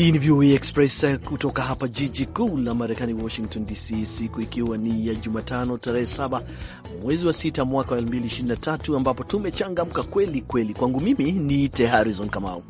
Hii ni VOA Express kutoka hapa jiji kuu la Marekani, Washington DC, siku ikiwa ni ya Jumatano tarehe 7 mwezi wa 6 mwaka wa 2023 ambapo tumechangamka kweli kweli. Kwangu mimi niite Harrison Kamau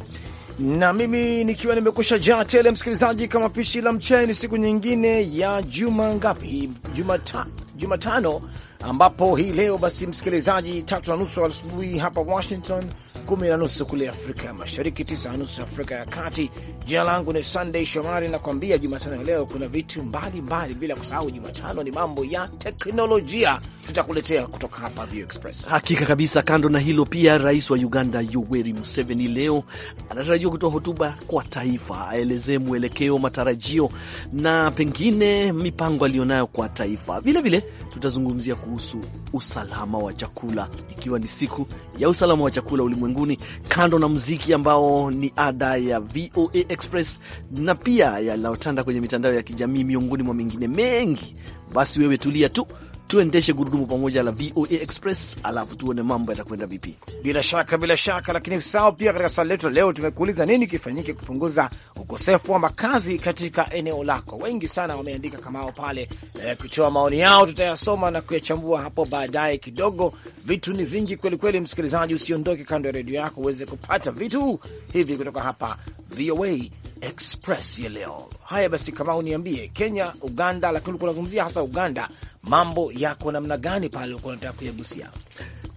na mimi nikiwa nimekusha jaa tele, msikilizaji, kama pishi la mchele. Ni siku nyingine ya juma ngapi? Jumatano Jumatano, ambapo hii leo basi, msikilizaji, tatu na nusu asubuhi hapa Washington, kumi na nusu kule Afrika ya Mashariki, tisa na nusu Afrika ya Kati. Jina langu ni Sunday Shomari, nakwambia Jumatano ya leo kuna vitu mbalimbali bila kusahau Jumatano ni mambo ya teknolojia tutakuletea kutoka hapa View Express. Hakika kabisa. Kando na hilo, pia rais wa Uganda Yoweri Museveni leo anatarajiwa kutoa hotuba kwa taifa, aelezee mwelekeo, matarajio na pengine mipango aliyonayo kwa taifa. Vilevile tutazungumzia kuhusu usalama wa chakula, ikiwa ni siku ya usalama wa chakula ulimwenguni, kando na mziki ambao ni ada ya VOA Express na pia yanayotanda kwenye mitandao ya kijamii, miongoni mwa mengine mengi. Basi wewe tulia tu tuendeshe gurudumu pamoja la VOA Express, alafu tuone mambo yatakwenda vipi. Bila shaka, bila shaka. Lakini usahau pia, katika swali letu leo tumekuuliza nini kifanyike kupunguza ukosefu wa makazi katika eneo lako. Wengi sana wameandika kamao pale eh, kutoa maoni yao, tutayasoma na kuyachambua hapo baadaye kidogo. Vitu ni vingi kwelikweli, msikilizaji, usiondoke kando ya redio yako uweze kupata vitu hivi kutoka hapa VOA Express ya leo. Haya basi, Kamau, niambie Kenya, Uganda, lakini ulikuwa unazungumzia hasa Uganda mambo yako namna gani pale ulikuwa unataka kuyagusia?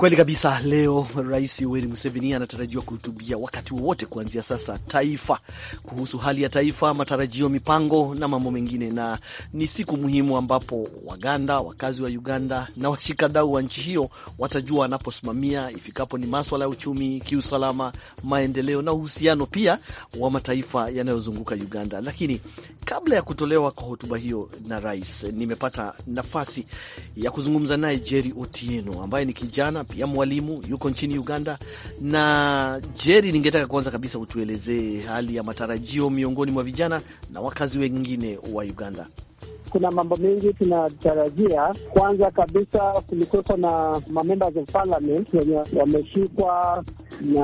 Kweli kabisa. Leo Rais Yoweri Museveni anatarajiwa kuhutubia wakati wowote kuanzia sasa taifa kuhusu hali ya taifa, matarajio, mipango na mambo mengine, na ni siku muhimu ambapo Waganda, wakazi wa Uganda na washikadau wa nchi hiyo watajua wanaposimamia ifikapo ni maswala ya uchumi, kiusalama, maendeleo na uhusiano pia wa mataifa yanayozunguka Uganda. Lakini kabla ya kutolewa kwa hotuba hiyo na rais, nimepata nafasi ya kuzungumza naye Jerry Otieno ambaye ni kijana pia mwalimu yuko nchini Uganda. Na jeri ningetaka kwanza kabisa utuelezee hali ya matarajio miongoni mwa vijana na wakazi wengine wa Uganda. Kuna mambo mengi tunatarajia. Kwanza kabisa, kulikuwepo na ma of parliament wenye wameshikwa na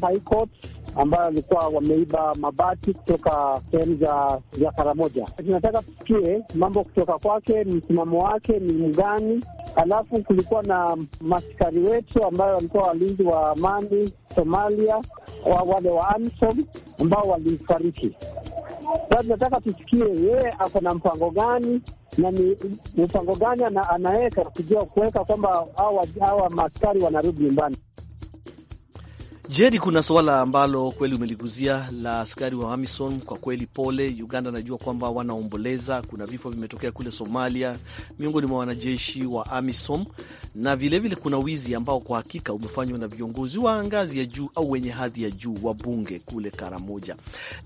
high court ambayo walikuwa wameiba mabati kutoka sehemu za za Karamoja. Tunataka tusikie mambo kutoka kwake, msimamo wake ni mgani. Alafu kulikuwa na maskari wetu ambayo walikuwa walinzi wa amani Somalia, wa wale wa AMISOM ambao walifariki. Sasa tunataka tusikie yeye ako na mpango gani na ni mpango gani anaweka kujua kuweka kwamba hawa maskari wanarudi nyumbani. Jeri, kuna suala ambalo kweli umeliguzia la askari wa AMISOM. Kwa kweli pole Uganda, najua kwamba wanaomboleza. Kuna vifo vimetokea kule Somalia miongoni mwa wanajeshi wa AMISOM, na vilevile vile kuna wizi ambao kwa hakika umefanywa na viongozi wa ngazi ya juu au wenye hadhi ya juu wa bunge kule Karamoja.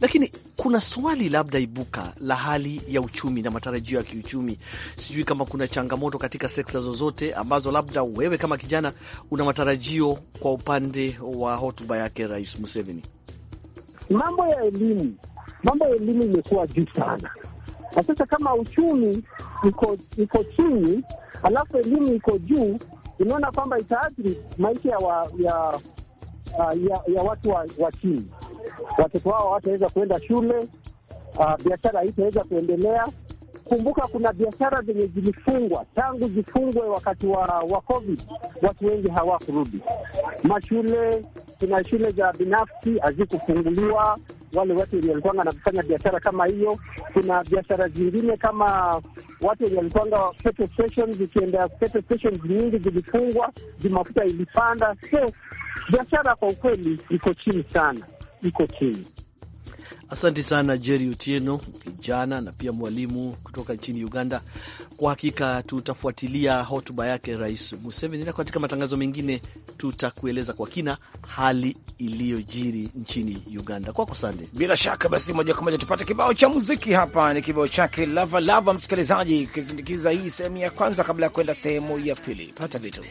Lakini kuna swali labda ibuka la hali ya uchumi na matarajio ya kiuchumi. Sijui kama kuna changamoto katika sekta zozote ambazo labda wewe kama kijana una matarajio kwa upande wa hotuba yake Rais Museveni? Mambo ya elimu, mambo ya elimu imekuwa juu sana, na sasa kama uchumi iko chini alafu elimu iko juu, inaona kwamba itaathiri maisha ya, wa, ya, ya, ya watu wa, wa chini. Watoto wao wataweza kuenda shule, ah, biashara haitaweza kuendelea. Kumbuka kuna biashara zenye zilifungwa tangu zifungwe wakati wa, wa COVID, watu wengi hawakurudi mashule, kuna shule za binafsi hazikufunguliwa wale watu wenye walikuwanga nakufanya biashara kama hiyo. Kuna biashara zingine kama watu wenye walikuwanga petrol stations, petrol stations nyingi zilifungwa, mafuta ilipanda. So biashara kwa ukweli iko chini sana, iko chini. Asante sana jeri utieno kijana na pia mwalimu kutoka nchini Uganda. Kwa hakika tutafuatilia hotuba yake Rais Museveni, na katika matangazo mengine tutakueleza kwa kina hali iliyojiri nchini Uganda. Kwako Sande. Bila shaka basi, moja kwa moja tupate kibao cha muziki. Hapa ni kibao chake Lava Lava, msikilizaji, kisindikiza hii sehemu ya kwanza kabla ya kuenda sehemu ya pili. Pata vitu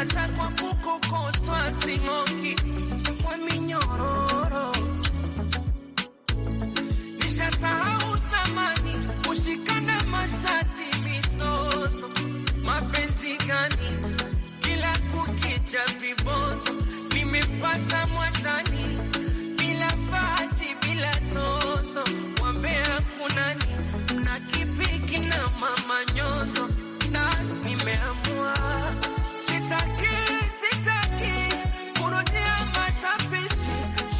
atakwa kukokotwa sing'oki kwa minyororo. Nishasahau zamani kushikana mashati, mizozo, mapenzi gani kila kukicha vibozo. Nimepata mwatani bila fati, bila tozo, wambea kunani mna kipiki na mama nyozo, na nimeamua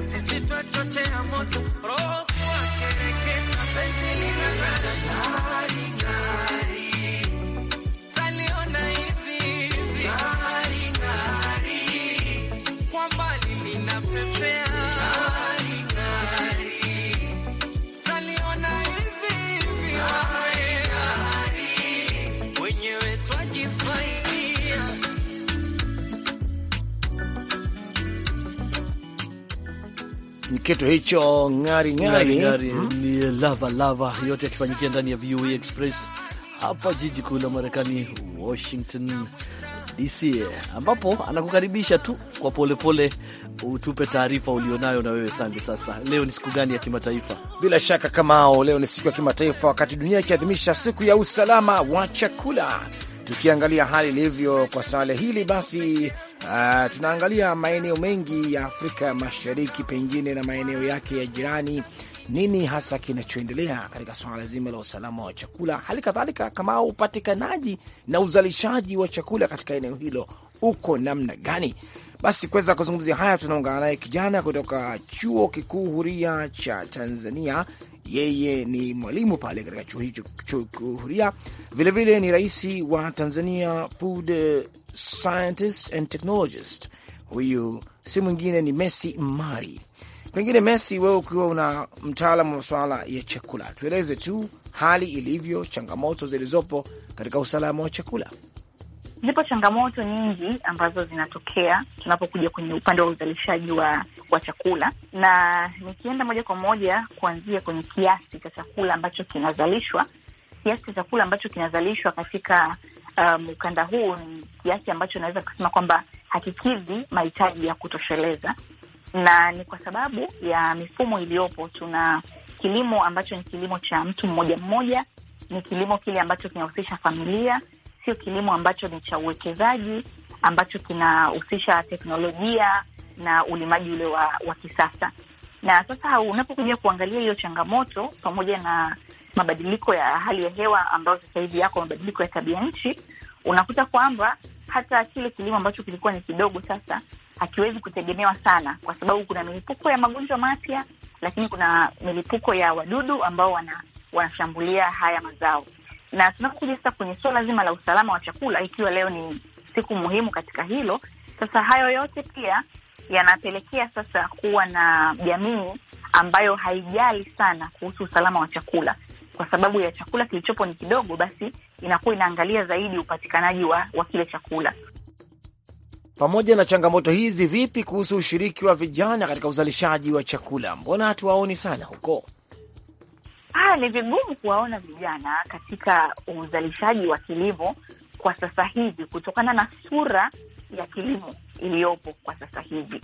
Sisi twachochea moto roho kwa kereketa, penzi ni kitu hicho ng'ari ng'ari, eh? ng'ari, hmm? ni lava lava, yote yakifanyikia ndani ya VOA Express hapa jiji kuu la Marekani, Washington DC, ambapo anakukaribisha tu kwa polepole pole, utupe taarifa ulionayo na wewe Sande. Sasa leo ni siku gani ya kimataifa? Bila shaka kamao, leo ni siku ya kimataifa, wakati dunia ikiadhimisha siku ya usalama wa chakula. Tukiangalia hali ilivyo kwa swala hili, basi Uh, tunaangalia maeneo mengi ya Afrika Mashariki pengine na maeneo yake ya jirani. Nini hasa kinachoendelea katika swala zima la usalama wa chakula, hali kadhalika kama upatikanaji na uzalishaji wa chakula katika eneo hilo uko namna gani? Basi kuweza kuzungumzia haya, tunaungana naye kijana kutoka Chuo Kikuu Huria cha Tanzania. Yeye ni mwalimu pale katika chuo hicho, Chuo Kikuu Huria. Vilevile ni rais wa Tanzania Food scientist and technologist. Huyu si mwingine ni Messi Mari. Pengine Messi, wewe ukiwa una mtaalam wa masuala ya chakula, tueleze tu hali ilivyo, changamoto zilizopo katika usalama wa chakula. Zipo changamoto nyingi ambazo zinatokea tunapokuja kwenye upande wa uzalishaji wa wa chakula, na nikienda moja kwa moja kuanzia kwenye kiasi cha chakula ambacho kinazalishwa, kiasi cha chakula ambacho kinazalishwa katika um, ukanda huu ni kiasi ambacho naweza kusema kwamba hakikidhi mahitaji ya kutosheleza, na ni kwa sababu ya mifumo iliyopo. Tuna kilimo ambacho ni kilimo cha mtu mmoja mmoja, ni kilimo kile ambacho kinahusisha familia, sio kilimo ambacho ni cha uwekezaji, ambacho kinahusisha teknolojia na ulimaji ule wa, wa kisasa. Na sasa unapokuja kuangalia hiyo changamoto pamoja na mabadiliko ya hali ya hewa ambayo sasa hivi yako mabadiliko ya tabia nchi, unakuta kwamba hata kile kilimo ambacho kilikuwa ni kidogo sasa hakiwezi kutegemewa sana, kwa sababu kuna milipuko ya magonjwa mapya, lakini kuna milipuko ya wadudu ambao wana, wanashambulia haya mazao. Na tunapokuja sasa kwenye suala zima la usalama wa chakula, ikiwa leo ni siku muhimu katika hilo, sasa hayo yote pia yanapelekea sasa kuwa na jamii ambayo haijali sana kuhusu usalama wa chakula kwa sababu ya chakula kilichopo ni kidogo, basi inakuwa inaangalia zaidi upatikanaji wa, wa kile chakula. Pamoja na changamoto hizi, vipi kuhusu ushiriki wa vijana katika uzalishaji wa chakula? Mbona hatuwaoni sana huko? Ah, ni vigumu kuwaona vijana katika uzalishaji wa kilimo kwa sasa hivi kutokana na sura ya kilimo iliyopo kwa sasa hivi.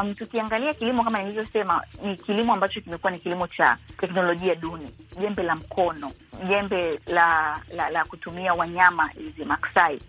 Um, tukiangalia kilimo kama nilivyosema, ni kilimo ambacho kimekuwa ni kilimo cha teknolojia duni, jembe la mkono, jembe la la, la kutumia wanyama hizi maksai.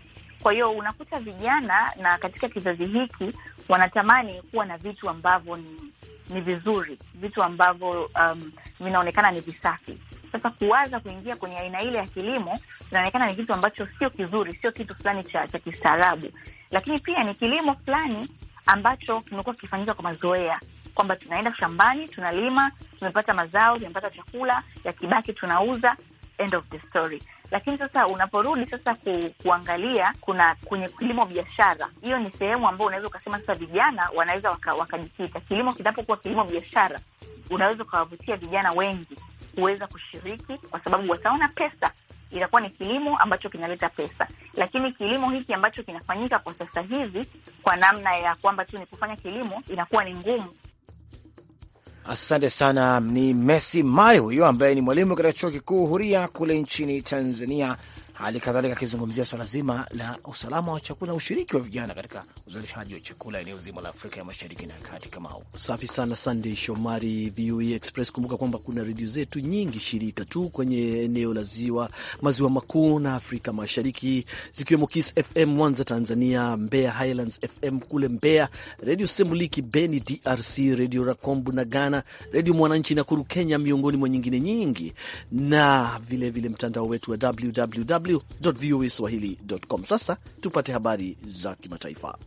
Kwa hiyo unakuta vijana na katika kizazi hiki wanatamani kuwa na vitu ambavyo ni ni vizuri, vitu ambavyo um, vinaonekana ni visafi. Sasa kuwaza kuingia kwenye aina ile ya kilimo inaonekana ni kitu ambacho sio kizuri, sio kitu fulani cha cha kistaarabu lakini pia ni kilimo fulani ambacho kimekuwa kikifanyika kwa mazoea kwamba tunaenda shambani tunalima, tumepata mazao, tumepata chakula, yakibaki tunauza, end of the story. Lakini sasa unaporudi sasa ku, kuangalia kuna kwenye kilimo biashara, hiyo ni sehemu ambayo unaweza ukasema sasa vijana wanaweza wakajikita waka kilimo kinapokuwa kilimo biashara, unaweza ukawavutia vijana wengi kuweza kushiriki, kwa sababu wataona pesa itakuwa ni kilimo ambacho kinaleta pesa, lakini kilimo hiki ambacho kinafanyika kwa sasa hivi kwa namna ya kwamba tu ni kufanya kilimo inakuwa ni ngumu. Asante sana. Ni Messi Mari huyo ambaye ni mwalimu katika chuo kikuu huria kule nchini Tanzania hali kadhalika akizungumzia swala zima la usalama wa chakula, na ushiriki wa vijana katika uzalishaji wa chakula eneo zima la Afrika ya mashariki na kati. Kama huu safi sana, Sandey Shomari, VOA e Express. Kumbuka kwamba kuna redio zetu nyingi shirika tu kwenye eneo la ziwa maziwa makuu na Afrika Mashariki, zikiwemo Kiss FM Mwanza Tanzania, Mbeya Highlands FM kule Mbeya, redio Semuliki Beni DRC, redio Rakombu na Ghana, redio Mwananchi Nakuru Kenya, miongoni mwa nyingine nyingi, na vilevile mtandao wetu wa www www.voaswahili.com. Sasa tupate habari za kimataifa.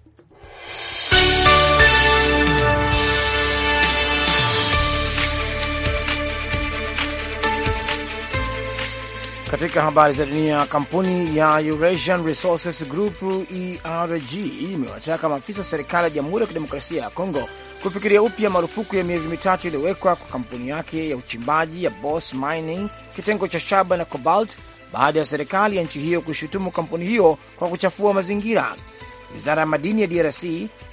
Katika habari za dunia, kampuni ya Eurasian Resources Group ERG imewataka maafisa wa serikali ya Jamhuri ya Kidemokrasia ya Kongo kufikiria upya marufuku ya miezi mitatu iliyowekwa kwa kampuni yake ya uchimbaji ya Boss Mining, kitengo cha shaba na cobalt, baada ya serikali ya nchi hiyo kushutumu kampuni hiyo kwa kuchafua mazingira. Wizara ya madini ya DRC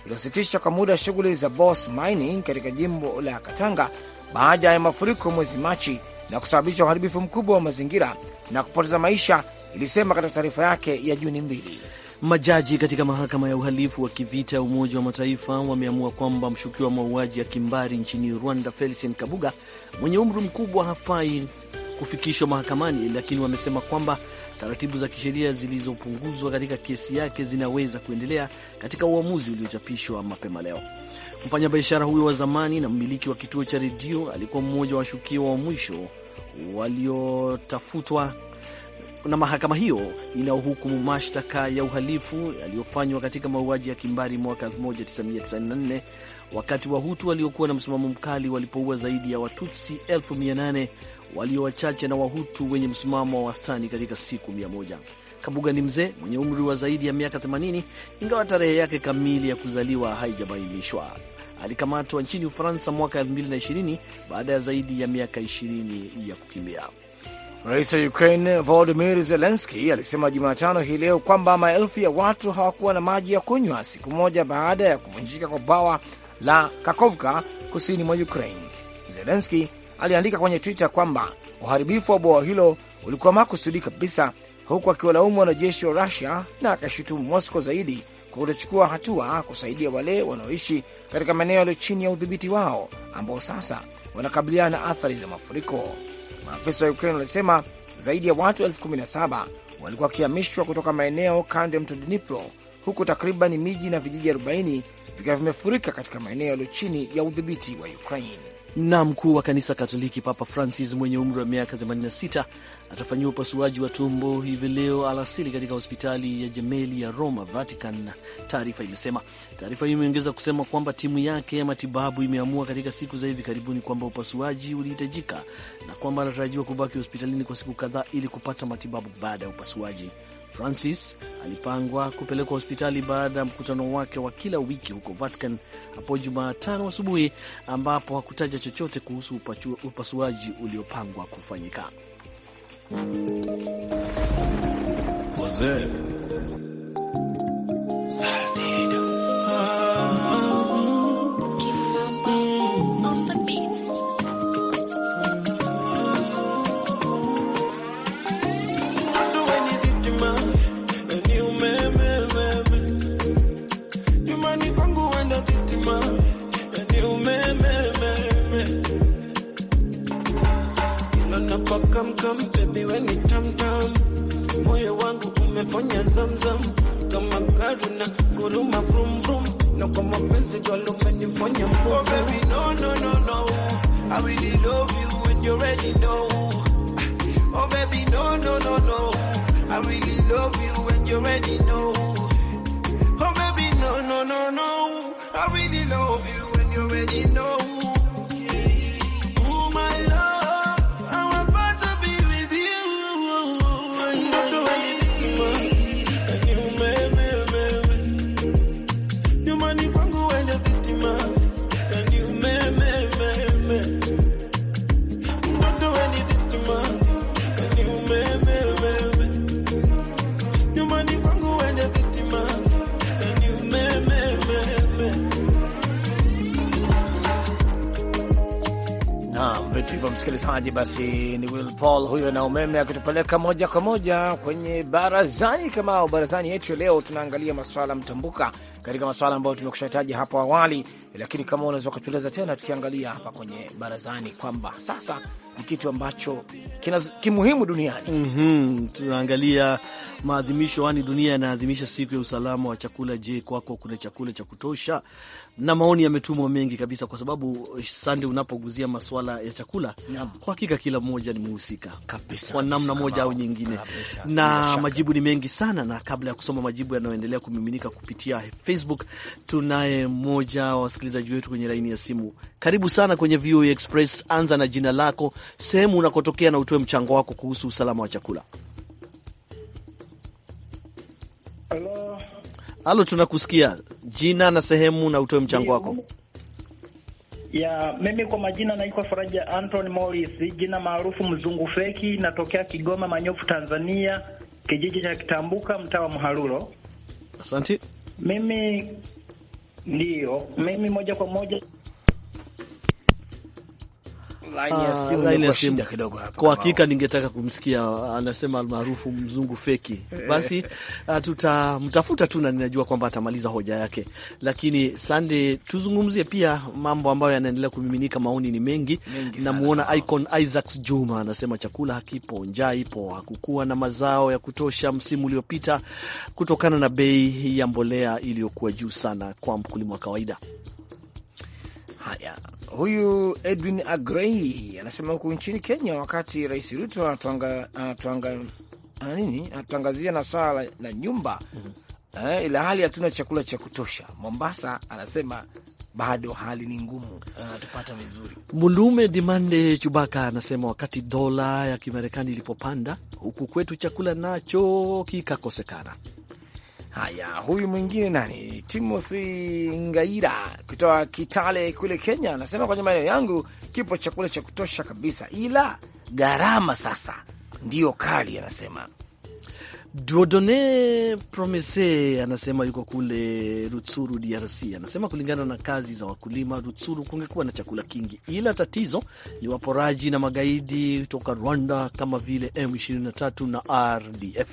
iliyositisha kwa muda shughuli za Boss Mining katika jimbo la Katanga baada ya mafuriko mwezi Machi na kusababisha uharibifu mkubwa wa mazingira na kupoteza maisha, ilisema katika taarifa yake ya Juni mbili. Majaji katika mahakama ya uhalifu wa kivita ya Umoja wa Mataifa wameamua kwamba mshukiwa wa mauaji ya kimbari nchini Rwanda Felicien Kabuga mwenye umri mkubwa hafai kufikishwa mahakamani, lakini wamesema kwamba taratibu za kisheria zilizopunguzwa katika kesi yake zinaweza kuendelea katika uamuzi uliochapishwa mapema leo. Mfanyabiashara huyo wa zamani na mmiliki wa kituo cha redio alikuwa mmoja wa washukiwa wa mwisho waliotafutwa na mahakama hiyo inayohukumu mashtaka ya uhalifu yaliyofanywa katika mauaji ya kimbari mwaka 1994 wakati Wahutu waliokuwa na msimamo mkali walipoua zaidi ya Watutsi 8 walio wachache na Wahutu wenye msimamo wa wastani katika siku mia moja. Kabuga ni mzee mwenye umri wa zaidi ya miaka 80 ingawa tarehe yake kamili ya kuzaliwa haijabainishwa. Alikamatwa nchini Ufaransa mwaka 2020 baada ya zaidi ya miaka 20 ya kukimbia. Rais wa Ukraine Volodimir Zelenski alisema Jumatano hii leo kwamba maelfu ya watu hawakuwa na maji ya kunywa siku moja baada ya kuvunjika kwa bwawa la Kakovka kusini mwa Ukraine. Zelenski aliandika kwenye Twitter kwamba uharibifu wa bwawa hilo ulikuwa makusudi kabisa, huku akiwalaumu wanajeshi wa Rusia na akashutumu Mosco zaidi kwa kutochukua hatua kusaidia wale wanaoishi katika maeneo yaliyo chini ya udhibiti wao ambao sasa wanakabiliana na athari za mafuriko. Maafisa wa Ukraine walisema zaidi ya watu elfu kumi na saba walikuwa wakihamishwa kutoka maeneo kando ya mto Dnipro, huku takriban miji na vijiji 40 vikiwa vimefurika katika maeneo yaliyo chini ya udhibiti wa Ukraine na mkuu wa kanisa Katoliki Papa Francis mwenye umri wa miaka 86 atafanyiwa upasuaji wa tumbo hivi leo alasili katika hospitali ya jemeli ya Roma, Vatican, taarifa imesema. Taarifa hiyo imeongeza kusema kwamba timu yake ya matibabu imeamua katika siku za hivi karibuni kwamba upasuaji ulihitajika na kwamba anatarajiwa kubaki hospitalini kwa siku kadhaa ili kupata matibabu baada ya upasuaji. Francis alipangwa kupelekwa hospitali baada ya mkutano wake wa kila wiki huko Vatican hapo Jumatano asubuhi, ambapo hakutaja chochote kuhusu upasuaji uliopangwa kufanyika. Jose. msikilizaji, basi ni Will Paul huyo na umeme akitupeleka moja kwa moja kwenye barazani. Kama barazani yetu leo, tunaangalia maswala mtambuka katika maswala ambayo tumekushataja hapo awali, lakini kama unaweza ukatueleza tena, tukiangalia hapa kwenye barazani kwamba sasa ni kitu ambacho kimuhimu duniani. mm -hmm. Tunaangalia maadhimisho, yaani dunia yanaadhimisha siku ya usalama wa chakula. Je, kwako kuna chakula cha kutosha? na maoni yametumwa mengi kabisa, kwa sababu eh, sande, unapoguzia masuala ya chakula Nyam. kwa hakika kila mmoja ni mhusika kwa namna moja au nyingine kabisa. na majibu ni mengi sana, na kabla ya kusoma majibu yanayoendelea kumiminika kupitia Facebook, tunaye mmoja wa wasikilizaji wetu kwenye laini ya simu. Karibu sana kwenye VOA Express. Anza na jina lako, sehemu unakotokea na utoe mchango wako kuhusu usalama wa chakula. Hello. Halo, tunakusikia. Jina na sehemu na utoe mchango wako. Ya, mimi kwa majina naitwa Faraja anton Morris, jina maarufu mzungu feki, natokea Kigoma Manyofu, Tanzania, kijiji cha Kitambuka, mtaa wa Mharuro. Asante. Mimi ndiyo, mimi moja kwa moja Ah, kwa hakika ningetaka kumsikia ah, anasema almaarufu mzungu feki. Eh. Basi ah, tutamtafuta tu, na ninajua kwamba atamaliza hoja yake, lakini sande, tuzungumzie pia mambo ambayo yanaendelea kumiminika. Maoni ni mengi, mengi. Namuona Icon Isaacs Juma anasema chakula hakipo, njaa ipo, hakukuwa na mazao ya kutosha msimu uliopita kutokana na bei ya mbolea iliyokuwa juu sana kwa mkulima wa kawaida. Haya, Huyu Edwin Agrey anasema huku nchini Kenya, wakati Rais Ruto anatutangazia na swala la nyumba mm -hmm. eh, ila hali hatuna chakula cha kutosha. Mombasa anasema bado hali ni ngumu, anatupata vizuri. Mulume Dimande Chubaka anasema wakati dola ya Kimarekani ilipopanda huku kwetu chakula nacho kikakosekana. Haya, huyu mwingine nani? Timothy Ngaira kutoka Kitale kule Kenya anasema kwenye maeneo yangu kipo chakula cha kutosha kabisa, ila gharama sasa ndiyo kali, anasema. Duodone Promise anasema yuko kule Rutsuru, DRC. Anasema kulingana na kazi za wakulima Rutsuru kungekuwa na chakula kingi, ila tatizo ni waporaji na magaidi toka Rwanda kama vile M23 na RDF.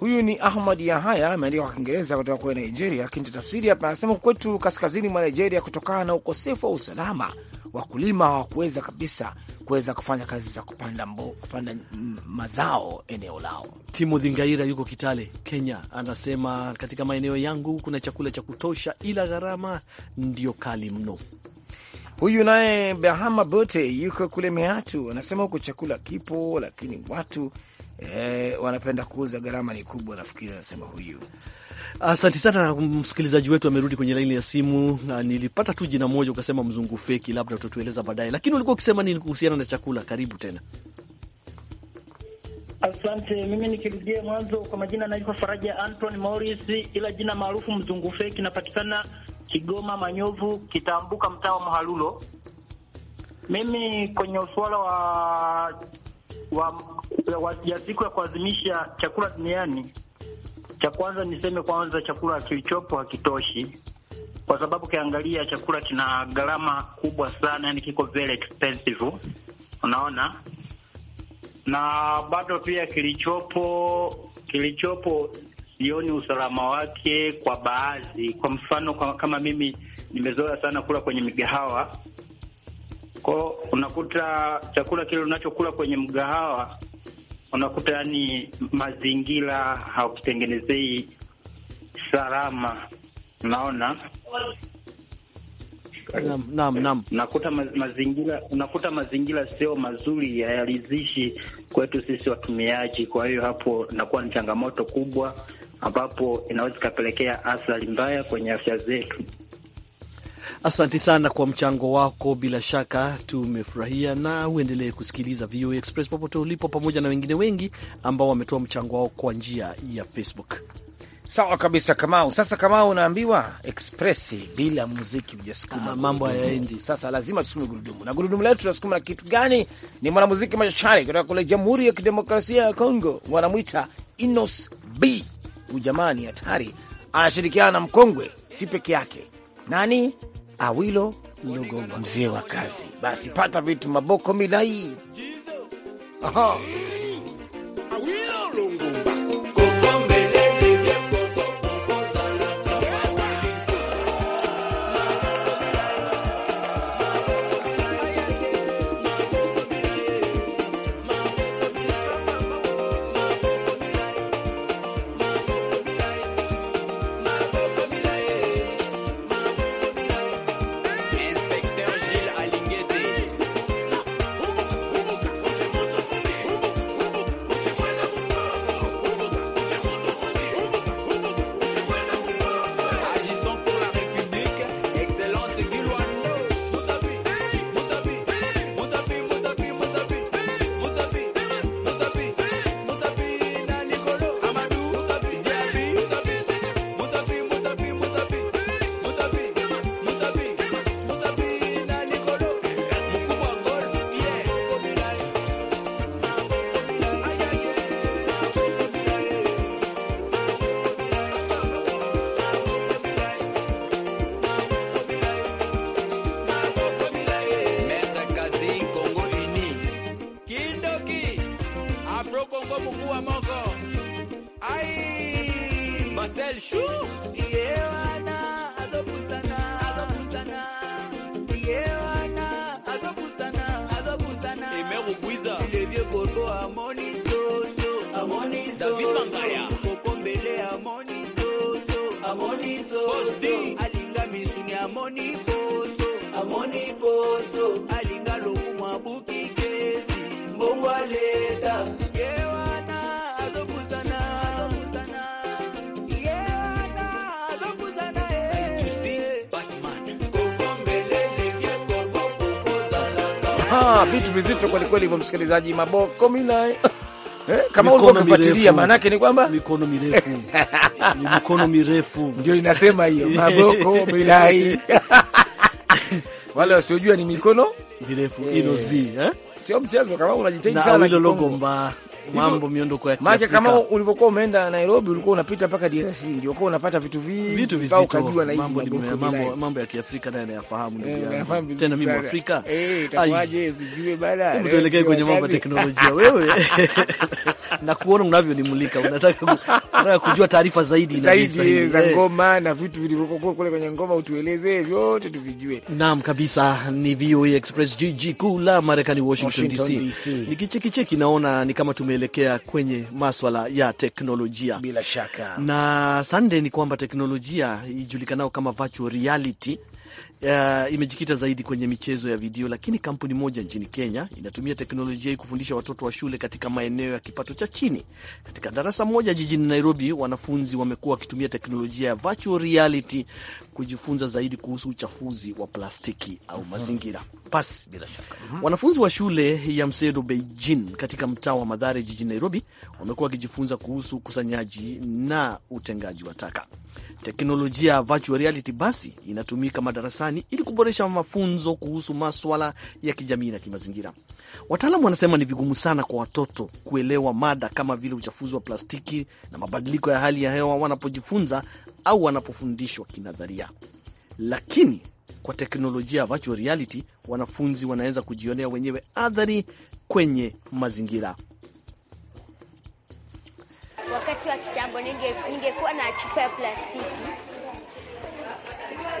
Huyu ni Ahmad Yahaya, ameandika kwa Kiingereza kutoka kule Nigeria. Lakini tafsiri hapa, anasema kwetu kaskazini mwa Nigeria, kutokana na ukosefu wa usalama, wakulima hawakuweza kabisa kuweza kufanya kazi za kupanda mbo, kupanda mazao eneo lao. Timothy Ngaira yuko Kitale, Kenya, anasema katika maeneo yangu kuna chakula cha kutosha, ila gharama ndiyo kali mno. Huyu naye Bahama Bote yuko kule Meatu, anasema huko chakula kipo, lakini watu Eh, wanapenda kuuza, gharama ni kubwa, nafikiri anasema huyu. Asante sana msikilizaji wetu amerudi kwenye laini ya simu, na nilipata tu jina moja ukasema mzungu feki, labda utatueleza baadaye, lakini ulikuwa ukisema nini kuhusiana na chakula? Karibu tena. Asante. Mimi nikirudia mwanzo, kwa majina naitwa Faraja Anton Morris, ila jina maarufu mzungu feki. Napatikana Kigoma Manyovu, Kitambuka, mtaa wa Mhalulo. Mimi kwenye usuala wa, wa ya siku ya kuadhimisha chakula duniani, cha kwanza niseme kwanza chakula kilichopo hakitoshi, kwa sababu ukiangalia chakula kina gharama kubwa sana, yani kiko very expensive, unaona na bado pia kilichopo kilichopo sioni usalama wake kwa baadhi. Kwa mfano kwa, kama mimi nimezoea sana kula kwenye migahawa kwao, unakuta chakula kile unachokula kwenye mgahawa unakuta yani mazingira hakutengenezei salama, unaona Naam, naam, naam. Unakuta mazingira unakuta mazingira sio mazuri, hayalizishi kwetu sisi watumiaji. Kwa hiyo hapo inakuwa ni changamoto kubwa, ambapo inaweza ikapelekea athari mbaya kwenye afya zetu. Asanti sana kwa mchango wako, bila shaka tumefurahia, na uendelee kusikiliza VOA Express popote ulipo, pamoja na wengine wengi ambao wametoa mchango wao kwa njia ya Facebook. Sawa kabisa Kamau. Sasa Kamau, unaambiwa Expressi bila muziki hujasukuma, ah, mambo hayaendi. Sasa lazima tusukume gurudumu, na gurudumu letu tunasukuma na kitu gani? Ni mwanamuziki machachari kutoka kule Jamhuri ya Kidemokrasia ya Kongo, wanamwita Inos B. Ujamani hatari, anashirikiana na mkongwe, si peke yake nani Awilo logogo mzee wa kazi. Basi pata vitu maboko milai Aha. biso alinga misuni amoni poso amoni poso alinga mbongo aleta eh. vitu vizito kwelikweli hivyo, msikilizaji, maboko minai eh, kama ulivyofuatilia, maana yake ni kwamba mikono mirefu ni mikono mirefu ndio inasema hiyo maboko bilai wale wasiojua ni mikono mirefu Inosbi, eh, sio mchezo kama unajitahidi sana na hilo logo mbaya mambo miondoko ya Maana kama ulivyokuwa umeenda Nairobi ulikuwa unapita mpaka DRC, ndio kwa unapata vitu vingi vitu vizito, ukajua na mambo mambo mambo ya Kiafrika naye anayafahamu ndugu eh, yangu. Tena mimi Mwafrika eh, itakuwaje usijue bala. Hebu eh, tuelekee kwenye mambo ya teknolojia. Wewe na kuona unavyonimulika, unataka unataka kujua taarifa zaidi na zaidi eh, za ngoma na vitu vilivyokuwa kule kwenye ngoma, utueleze vyote tuvijue. Naam kabisa, ni VOA Express, jiji kuu la Marekani Washington DC. Nikicheki cheki naona ni kama tume tunaelekea kwenye maswala ya teknolojia. Bila shaka na sande, ni kwamba teknolojia ijulikanao kama virtual reality uh, imejikita zaidi kwenye michezo ya video, lakini kampuni moja nchini Kenya inatumia teknolojia hii kufundisha watoto wa shule katika maeneo ya kipato cha chini. Katika darasa moja jijini Nairobi, wanafunzi wamekuwa wakitumia teknolojia ya virtual reality kujifunza zaidi kuhusu uchafuzi wa plastiki au mhm. mazingira. Basi bila shaka, mhm. wanafunzi wa shule ya Msedo Beijing katika mtaa wa Madhare jijini Nairobi wamekuwa wakijifunza kuhusu ukusanyaji na utengaji wa taka. Teknolojia ya virtual reality basi inatumika madarasani ili kuboresha mafunzo kuhusu maswala ya kijamii na kimazingira. Wataalamu wanasema ni vigumu sana kwa watoto kuelewa mada kama vile uchafuzi wa plastiki na mabadiliko ya hali ya hewa wanapojifunza au wanapofundishwa kinadharia, lakini kwa teknolojia ya virtual reality wanafunzi wanaweza kujionea wenyewe athari kwenye mazingira wakati wa kitambo, ningekuwa ninge na chupa ya plastiki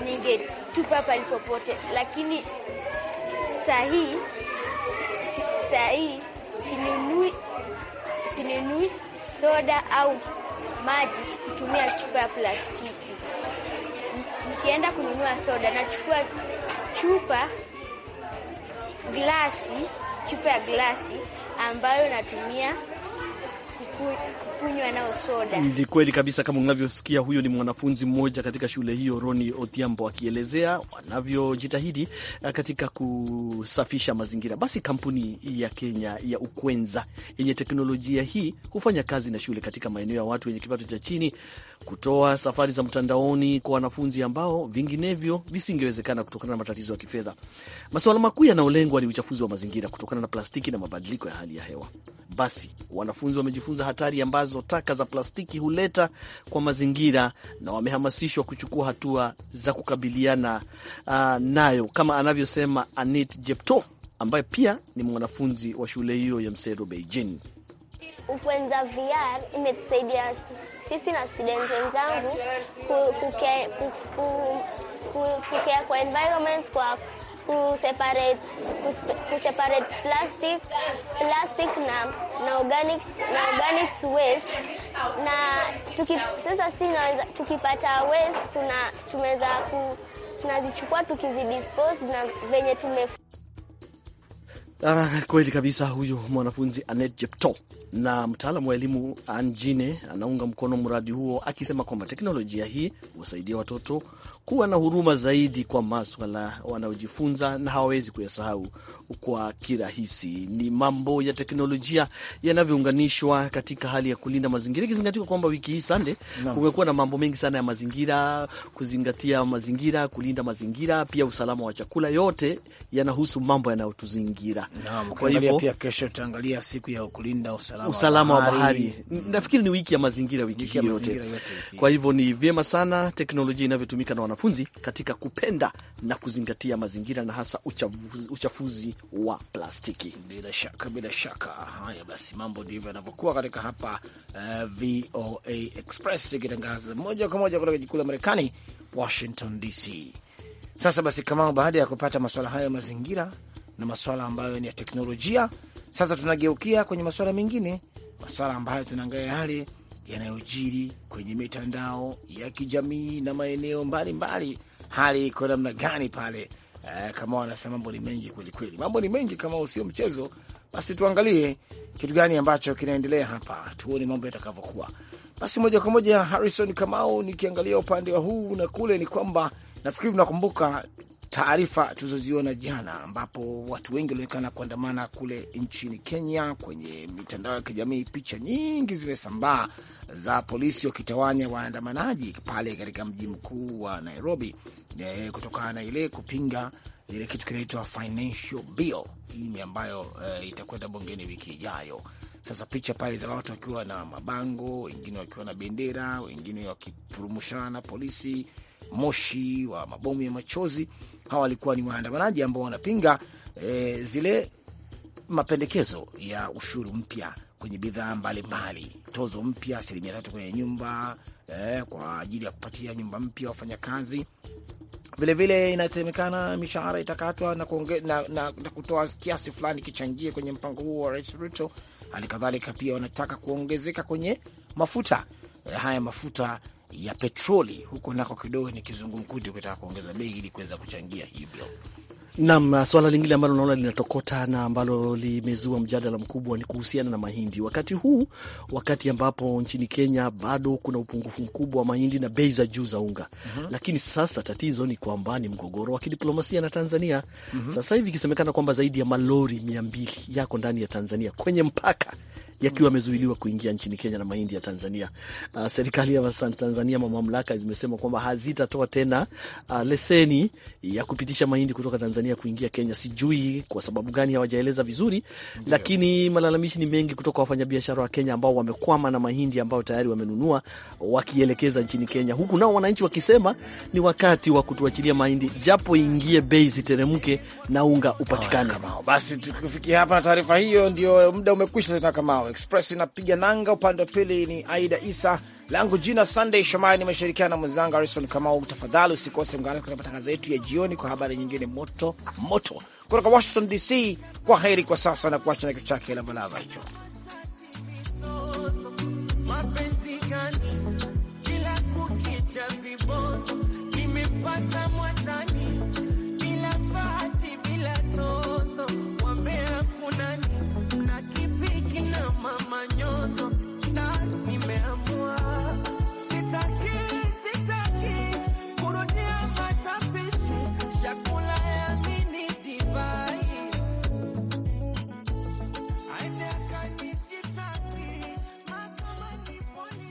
ningetupa palipopote, lakini sahii hii sinunui, sinunui soda au maji kutumia chupa ya plastiki. Nikienda kununua soda nachukua chupa glasi, chupa ya glasi ambayo natumia kunywa nao soda. Ni kweli kabisa, kama unavyosikia, huyo ni mwanafunzi mmoja katika shule hiyo, Roni Odhiambo akielezea wanavyojitahidi eh, katika kusafisha mazingira. Basi kampuni ya Kenya ya Ukwenza yenye teknolojia hii hufanya kazi na shule katika maeneo ya watu wenye kipato cha chini kutoa safari za mtandaoni kwa wanafunzi ambao vinginevyo visingewezekana kutokana na matatizo ya kifedha. Masuala makuu yanayolengwa ni uchafuzi wa mazingira kutokana na plastiki na mabadiliko ya hali ya hewa. Basi wanafunzi wamejifunza hatari ambazo taka za plastiki huleta kwa mazingira na wamehamasishwa kuchukua hatua za kukabiliana uh, nayo kama anavyosema Anit Jepto ambaye pia ni mwanafunzi wa shule hiyo ya Msero Beijing. Ukwenza VR imetusaidia sisi na students wenzangu kukea kwa environment kwa kuseparate kuseparate plastic plastic na na organic na organic waste na tuki, sasa si naweza tukipata waste tuna tumeza ku tunazichukua tukizidispose na venye tume. Ah, kweli kabisa, huyu mwanafunzi Anet Jepto na mtaalamu wa elimu Anjine anaunga mkono mradi huo akisema kwamba teknolojia hii huwasaidia watoto kuwa na huruma zaidi kwa maswala wanaojifunza na hawawezi kuyasahau kwa kirahisi. Ni mambo ya teknolojia yanavyounganishwa katika hali ya kulinda mazingira, ikizingatiwa kwamba wiki hii Sande no. kumekuwa na mambo mengi sana ya mazingira, kuzingatia mazingira, kulinda mazingira, pia usalama wa chakula, yote yanahusu mambo yanayotuzingira no. Kwa hivyo pia kesho tutaangalia siku ya kulinda usalama, usalama wa bahari. Nafikiri ni wiki ya mazingira, wiki hii yote. Kwa hivyo ni vyema sana teknolojia inavyotumika na wanafunzi katika kupenda na kuzingatia mazingira na hasa uchafuzi, uchafuzi wa plastiki. Bila shaka, bila shaka. Haya basi, mambo ndivyo yanavyokuwa katika hapa uh, eh, VOA Express ikitangaza moja kwa moja kutoka jikuu la Marekani, Washington DC. Sasa basi, kama baada ya kupata masuala hayo ya mazingira na masuala ambayo ni ya teknolojia, sasa tunageukia kwenye masuala mengine, masuala ambayo tunaangalia yale yanayojiri kwenye mitandao ya kijamii na maeneo mbalimbali, hali iko namna gani pale? Eh, kama wanasema mambo ni mengi kwelikweli, mambo ni mengi kama usio mchezo. Basi tuangalie kitu gani ambacho kinaendelea hapa, tuone mambo yatakavyokuwa. Basi moja kwa moja, Harrison Kamau, nikiangalia upande wa huu na kule, ni kwamba nafikiri unakumbuka taarifa tulizoziona jana, ambapo watu wengi walionekana kuandamana kule nchini Kenya. Kwenye mitandao ya kijamii, picha nyingi zimesambaa za polisi wakitawanya waandamanaji pale katika mji mkuu wa Nairobi, eh, kutokana na ile kupinga ile kitu kinaitwa financial bill. Hii ni ambayo e, itakwenda bungeni wiki ijayo. Sasa picha pale za watu wakiwa na mabango, wengine wakiwa na bendera, wengine wakifurumushana polisi, moshi wa mabomu ya machozi hawa walikuwa ni waandamanaji ambao wanapinga e, zile mapendekezo ya ushuru mpya kwenye bidhaa mbalimbali, tozo mpya asilimia tatu kwenye nyumba e, kwa ajili ya kupatia nyumba mpya wafanyakazi. Vilevile inasemekana mishahara itakatwa na, na, na, na kutoa kiasi fulani kichangie kwenye mpango huo wa Rais Ruto. Hali kadhalika pia wanataka kuongezeka kwenye mafuta e, haya mafuta ya petroli, huko nako kidogo ni kizungumkuti kutaka kuongeza bei ili kuweza kuchangia hivyo Nam, swala lingine ambalo naona linatokota na ambalo limezua mjadala mkubwa ni kuhusiana na mahindi, wakati huu, wakati ambapo nchini Kenya bado kuna upungufu mkubwa wa mahindi na bei za juu za unga mm -hmm. Lakini sasa tatizo ni kwamba ni mgogoro wa kidiplomasia na Tanzania mm -hmm. Sasa hivi ikisemekana kwamba zaidi ya malori mia mbili yako ndani ya Tanzania kwenye mpaka yakiwa mhm. yamezuiliwa kuingia nchini Kenya na mahindi ya Tanzania. Uh, serikali ya Tanzania mamlaka zimesema kwamba hazitatoa tena uh, leseni ya kupitisha mahindi kutoka Tanzania Tanzania kuingia Kenya. Sijui kwa sababu gani hawajaeleza vizuri Ndiyo. Lakini malalamishi ni mengi kutoka wafanyabiashara wa Kenya ambao wamekwama na mahindi ambayo tayari wamenunua wakielekeza nchini Kenya, huku nao wananchi wakisema ni wakati wa kutuachilia mahindi japo ingie bei ziteremke na unga upatikane. basi tukifikia hapa taarifa hiyo, ndio muda umekwisha tena. Kamao Express inapiga nanga, upande wa pili ni Aida Isa langu jina Sunday Shomari, nimeshirikiana na mwenzangu Harison Kamau. Tafadhali usikose mgana katika matangazo yetu ya jioni kwa habari nyingine moto moto kutoka Washington DC. Kwa heri kwa sasa, na kuacha na kitu chake Lavalava hicho